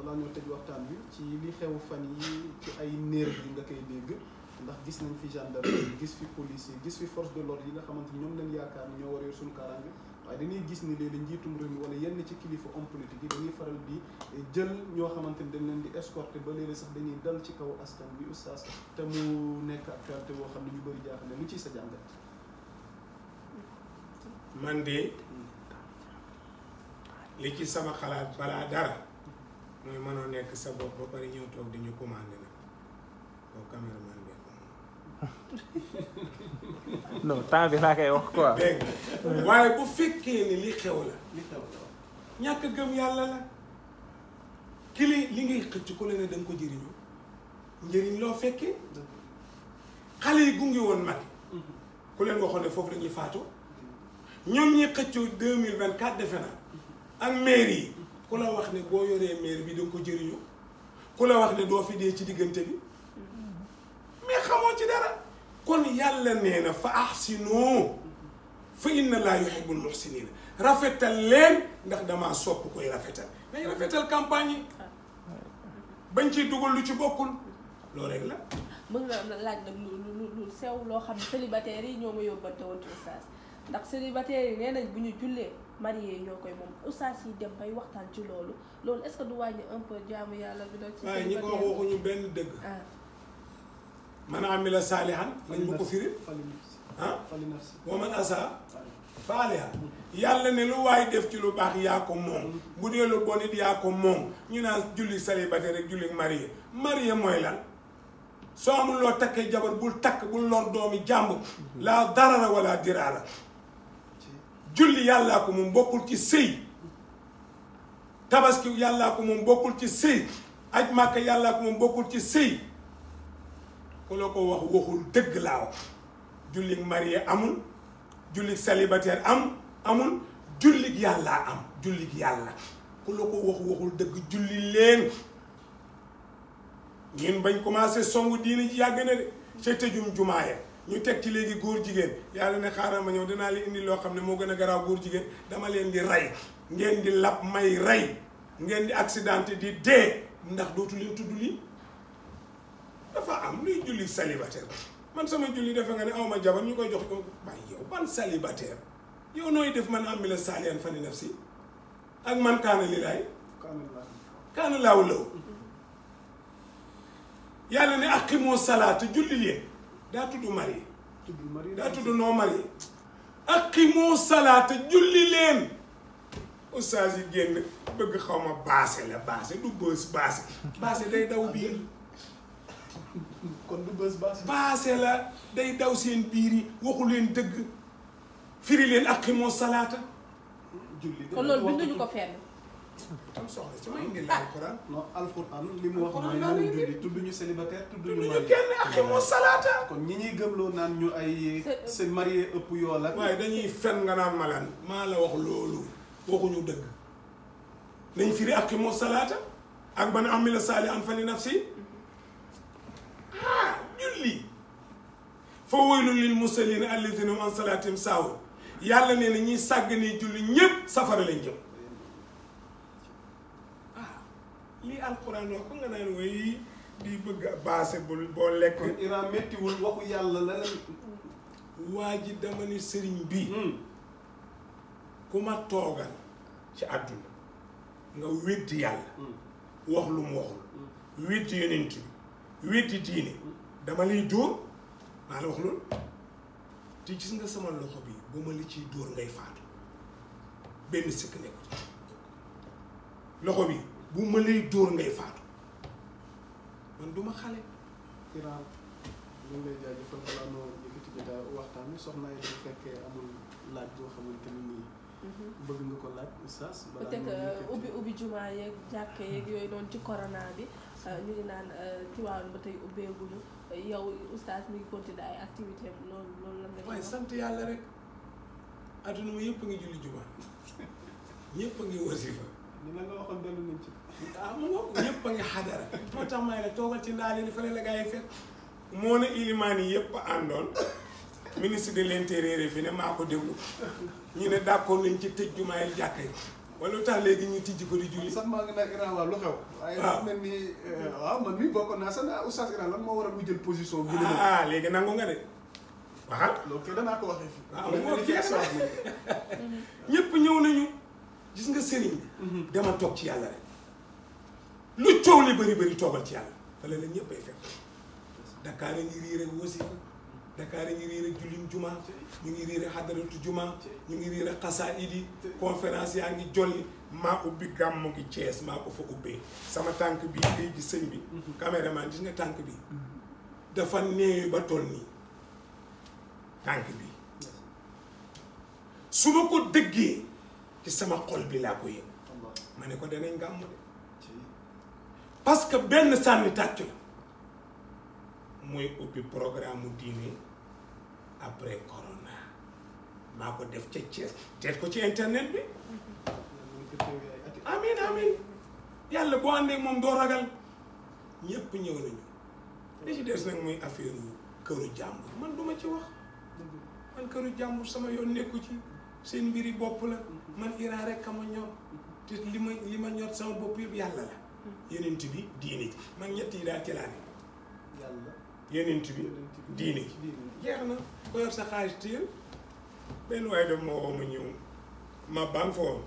balaa ñoo tëj waxtaan bi ci li xew fan yi ci ay nerf yi nga koy dégg ndax gis nañ fi gendarmerie gis fi police yi gis fi force de l'ordre yi nga xamante ñoom lañ yaakaar ni ñoo war a yor suñu kaaraange waaye dañuy gis ni léegi njiitum réew mi wala yenn ci kilifa homme politique yi dañuy faral di jël ñoo xamante ni dañ leen di escorter ba léegi sax dañuy dal ci kaw askan bi oustaz te mu nekk actualité woo xam ne ñu bëri jaaxle lu ci sa jàngat. man de li ci sama xalaat balaa mooy mënoo nekk sa bopp ba pare ñëw toog di ñu commandé nag boobu caméraman bi ko temps bi laa koy wax quoi dégg waaye bu fekkee ni li xew la ñàkk gëm yàlla la ki li li ngay xëcc ku la ne ko jëriñu njëriñ loo fekkee xale yi gunge woon mag ku leen waxoon ne foofu la ñuy faatu ñoom ñi xëccoo deux mille vingt quatre defe na ak mairie yi ku la wax ne boo yoree maire bi danga ko jëriñu ku la wax ne doo fi dee ci diggante bi mais xamoo ci dara kon yàlla nee na fa ahsinu fa inna laa yuhibbul muhsinin rafetal leen ndax damaa sopp koy rafetal nañ rafetal campagne yi bañ ciy dugal lu ci bokkul loolu rek la mën nga laaj nag lu lu lu sew loo xam ne célibataire yi ñoo ma yóbbante woon ci ndax célibataire yi bu ñu jullee marié ñoo koy moom ustaas yi dem bay waxtaan ci loolu loolu est-ce que du wàññi un peu jaamu yàlla bi doon ci waaye ñi ko wax waxuñu benn dëgg ah. man amila saalihan nañ ma ko firi ah wa man asa faaliha yàlla ne lu waaye def ci lu baax yaa ko moom bu dee lu bon it yaa ko moom ñu naan julli célibataire rek julli marié marié mooy lan soo amul loo takkee jabar bul takk bul lor doomi jàmb laa darara wala diraara julli yàllaa ko moom bokkul ci sëy tabaski yàllaa ko moom bokkul ci sëy aj màkka yàllaa ko moom bokkul ci sëy ku la ko wax waxul dëgg laa wax jullig marié amul jullig célibataire am amul jullig yàllaa am jullig yàlla ku la ko wax waxul dëgg julli leen ngeen bañ commencé songu diini yàgg na de ca tëjum jumaa ñu teg ci léegi góor jigéen yàlla ne xaaral ma ñëw dinaa leen indi loo xam ne moo gën a garaaw góor jigéen dama leen di rey ngeen di lab may rey ngeen di accidenté di dee ndax dootu leen tudd lii dafa am luy julli célibataire man sama julli defe nga ne awma jabar ñu koy jox ko bay yow ban célibataire yow nooy def man am mi la saaliyan fani nafsi ak man kaana li laay kaana laaw law yàlla ne aqimoo salaata julli leen daa tudd Marie. tudd Marie daa tudd non Marie. aqimu salaata julli leen. ustaas génn bëgg xaw ma baase la baase du bës baase. baase day daw biir. baase. la day daw seen biiri wooku leen dëgg. firi leen aqimu salaata. julli kon loolu binduñu ko fenn. am soxla li mu wax mooy naan julli tudd ñu célibataire tudd ñu kenn ak salaata kon ñi ñuy gëmloo naan ñu ay se marié ëpp yoo waaye dañuy fen nga naan malan maa la wax loolu waxuñu dëgg nañ firi ak moo salaata ak ban amila saali an fali nafsi ah julli fa waylun lil musallin alladina an salatihim saawun yàlla nee na ñuy sàgg ne julli ñépp safara lañ jëm lii alxuraan wax ko nga naan way di bëgg a baase bul boo lekkoon iran méttiwul waxu yàlla la waa ji dama ne sëriñ bi hmm. ku ma toogal ci àdduna nga weddi yàlla hmm. wax lu mu waxul hmm. weddi yonent bi weddi diine dama lay dóor maa la wax loolu te gis nga sama loxo bi bu ma li ciy dóor ngay faatu benn sëkk nekk loxo bi bu ma lay dóor ngay faatu man du xale. Iran ñu ngi lay jaajëfal balaa noo yëkkati jotaay waxtaan wi soxna yi bu fekkee amul laaj boo xamante ni nii. Mhm. ko laaj oustaz. balaa ñu peut-être ubbi ubbi jumaa yeeg ci corona bi mm-hmm. euh, ñu ngi naan euh, Tivaouane ba tey ubbeeguñu yow oustaz mi ngi continuer ay activité am loolu loolu lan la. waaye sant yàlla rek adduna ma yëpp ngi julli jumaa ñëpp a ngi wasifa ñu la nga waxoon dellu nañ ci. ah mu nga ñëpp a ngi xadara. moo tax la toogal ci ndaale li fële la gaa yi fekk. moo ne ilimaan yi yëpp àndoon ministre de l' intérieur fi ne maa ko déglu ñu ne d' accord nañ ci tëj jumaayal jàkka yi wala lu tax léegi ñu tijji ko di julli. sax maa ngi naan Iran waaw lu xew. waaye ni eh, waaw man mii bokkoon ah, moo waral mu jël position. bu ah, ah léegi nangu nga de. gis nga sëriñ bi dama toog ci yàlla rek lu coow li bëri bëri toogal ci yàlla fële la ñëpp fekk Dakar a ngi riir ak wasifa Dakar ngi riir ak julliñ juma ñu ngi riir ak xadaratu juma ñu ngi riir ak xasaayid yi conférence yaa ngi jolli maa ubbi gàmmu gi Thiès maa ko fa ubbee sama tànk bi ngay gis sëñ bi caméraman gis nga tànk bi dafa néew ba toll nii tànk bi su ma ko dëggee ci sama xol bi laa ko yëg ma ne ko danañ gàmm de parce que benn sànni tàccu la mooy ubbi programme mu diine après corona maa ko def ca Thiès teet ko ci internet bi amin amin yàlla boo àndee moom doo ragal ñépp ñëw nañu li ci des nag mooy affaire këru jàmbur man duma ci wax man këru jàmbur sama yoon nekku ci seen mbiri bopp la man Iran rek ka ma ñor te li ma li ma ñor sama bopp yëpp yàlla la yenent bi diine ji man ñett daal ci laa ne yàlla bi diine ji jeex na ko yor sa xaalis téel benn waaye daf ma woo ma ñëw ma ban foofu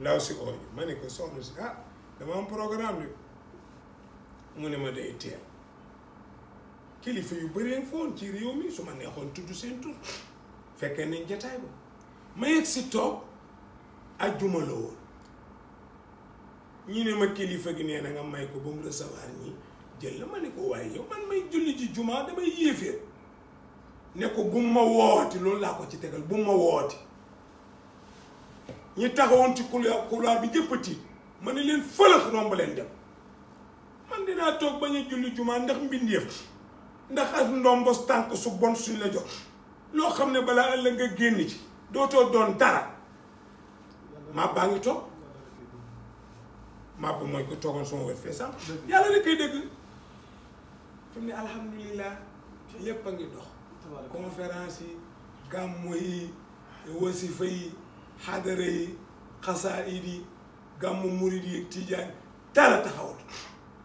ndaw si ooñu ma ne ko soxna si ah dama am programme bi mu ne ma day teel kilifa yu bëreen foon ci réew mi su ma neexoon tudd seen tur fekkee nañ jataay ba ma yegg si toog ajjuma la woon ñu ne ma kilifa gi nee na nga may ko ba mu recevoir ñi jël la ma ne ko waaye yow man may julli ji jumaa damay yéeféer ne ko bu ma wooti loolu laa ko ci tegal bu ma wooti ñi taxawoon ci couloir couloir bi jëpp a tiit ma ne leen fëlëx romb leen dem man dinaa toog bañ a julli jumaa ndax mbindeef ndax ak ndombos tànk su bon suñ la jox loo xam ne balaa ëllëg nga génn ci dootoo doon dara maab baa ngi toog maab mooy ko toogoon sama wet fee sax yàlla la koy dégg fi mu ne alhamdulilah a ngi dox conférence yi gàmmo yi wasifa yi xadara yi xasaid yi gàmmu murid yi tijaan dara taxawut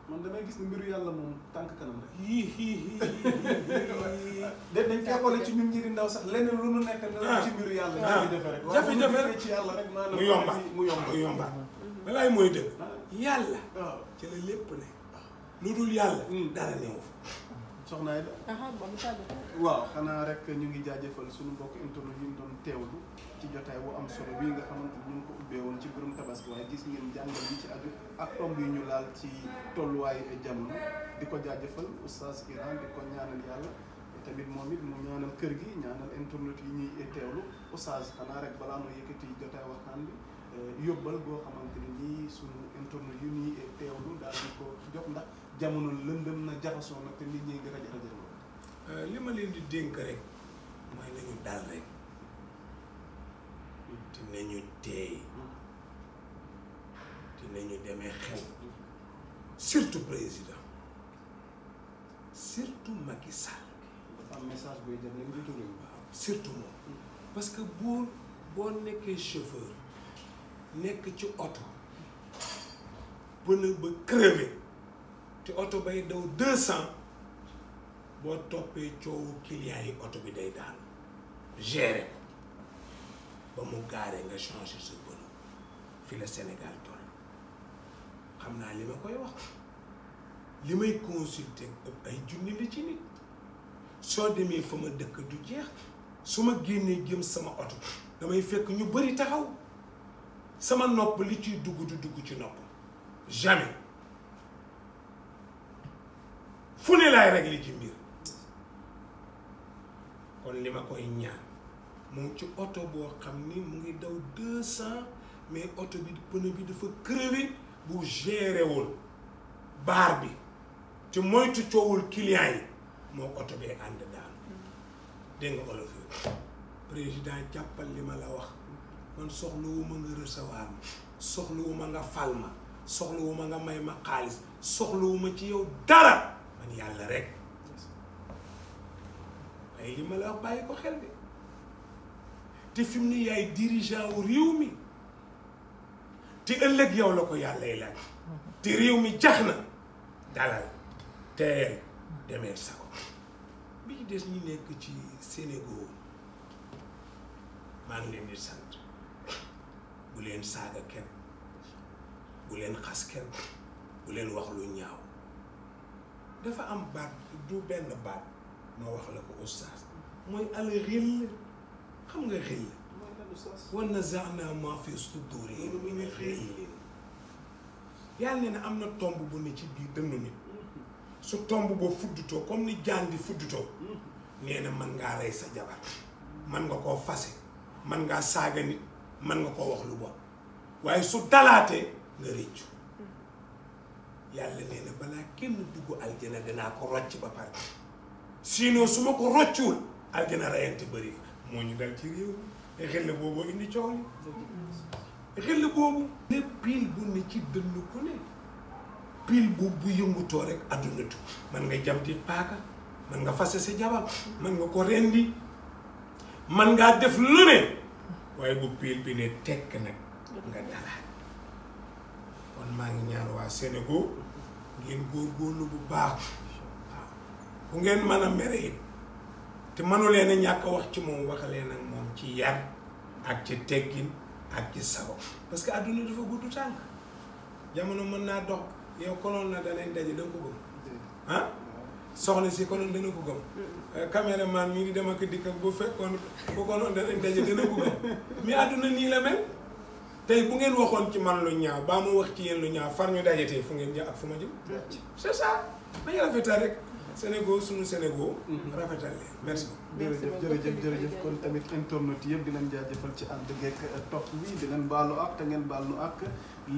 man gis ni mbiru yàlla moom tànk boole ci ñun ñi ndaw sax leneen lu nu nekk na ci mbiru yàlla ah. jafe-jafe rek ah. ci yàlla rek mu yomba mu yomba mu yomba walaay ah. mooy dëgg yàlla ci la lépp ne lu dul yàlla hmm. dara newu soxna Aida waaw xanaa rek ñu ngi jaajëfal suñu mbokk internet yi ñu doon teewlu ci jotaay bu am solo bi nga xamante ni ñu ko ubbee woon ci birum tabaski waaye gis ngeen jàngal bi ci aju ak tomb yi ñu laal ci tolluwaay jamono di ko jaajëfal oustaz Iran di ko ñaanal yàlla tamit moom it mu ñaanal kër gi ñaanal internet yi ñuy teewlu oustaz xanaa rek balaa muy yëkkati jotaay waxtaan bi eh, yóbbal goo xamante ni nii sunu internet yi ñuy teewlu daal di ko jox ndax jamono lëndëm na jaxasoo nag te nit ñi gën a jaxajaloo eh, li ma leen di dénk rek mooy nañu dal rek dinañu hmm. teey dinañu hmm. demee xel surtout président surtout Macky dafa message buy dem rek njiitu surtout moom parce que buur boo nekkee chauffeur nekk ci oto pneu ba crevé te oto bay daw deux cent boo toppee coowu client yi oto bi day daal gérer ba mu gaaree nga changer sa pneu fi la Sénégal toll xam naa li ma koy wax li may consulter ay junni li ci nit soo demee fa ma dëkk du jeex su ma génnee jëm sama oto damay fekk ñu bëri taxaw sama nopp li ciy dugg du dugg ci nopp jamais fu ne laay réglé ci mbir kon li ma koy ñaan mu ngi ci oto boo xam ni mu ngi daw deux cent mais auto bi pneu bi dafa crevé bu géré wul baar bi te moytu coowul client yi moo oto bee ànd daanu dégg nga olof yi président jàppal li ma la wax man soxlawuma nga recevoir ma soxlawuma nga fal ma soxlawuma nga may ma xaalis soxlawuma ci yow dara man yàlla rek waaye li ma la bàyyi ko xel de te fim mu ne yaay dirigeant wu mi te ëllëg yow la ko yàllay laaj te réew mi jax na dalal teel demee Sakho bi des ñu nekk ci Sénégal maa ngi leen di sant bu leen saaga kenn bu leen xas kenn bu leen wax lu ñaaw dafa am baat du benn baat ma wax la ko oustaz mooy al xill xam nga xill war na zaana ma fi suduurihim min xillin yàlla ne am na tomb bu ne ci biir dënnu nit su tomb boo fuddutoo comme ni jaan di fuddutoo nee na mën ngaa rey sa jabar man nga koo fase man ngaa saaga nit mën nga koo wax lu bon waaye su dalaatee nga réccu yàlla nee balaa kenn dugg aljana danaa ko rocc ba pare sinon su ma ko roccuwul aljana rayante bëri fa moo ñu dal ci réew xel boobu indi coow xel boobu ne piil bu ne ci dënn ku ne pile bu bu yëngutoo rek adduna tu man nga jamti paaka man nga fase sa jabar man nga ko rendi man ngaa def lu ne waaye bu pile bi ne tekk nag nga dalaat kon maa ngi ñaan waa Sénégal ngeen góorgóorlu bu baax bu ngeen mën a mere it te mënu leen a ñàkk wax ci moom wax leen moom ci yar ak ci teggin ak ci sago parce que adduna dafa gudd tànk jamono mën naa dox yow konoon na da leen da nga ko gëm ah soxna si konoon dana ko gëm euh, man ñu ngi dem ak dikk bu fekkoon bu konoon da leen daje dana ko gëm mais àdduna nii la mel tey bu ngeen waxoon ci man lu ñaaw baa mu wax ci yéen lu ñaaw far ñu daje tey fu ngeen jëm ak fu ma jëm c'est ça dañu rafetal rek Sénégal sunu Sénégal. rafetal leen merci. jërëjëf jërëjëf jërëjëf kon tamit internet yëpp di leen jaajëfal ci ànd geek euh, topp bi di leen baalu ak te ngeen baal nu ak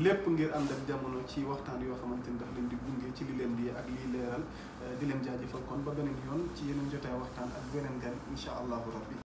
lépp ngir ànd ak jamono ci waxtaan yoo xamante ni daf leen di gunge ci li leen di ak liy leeral euh, di leen jaajëfal kon ba beneen yoon ci yeneen jotee waxtaan ak beneen gan incha allahu rabbi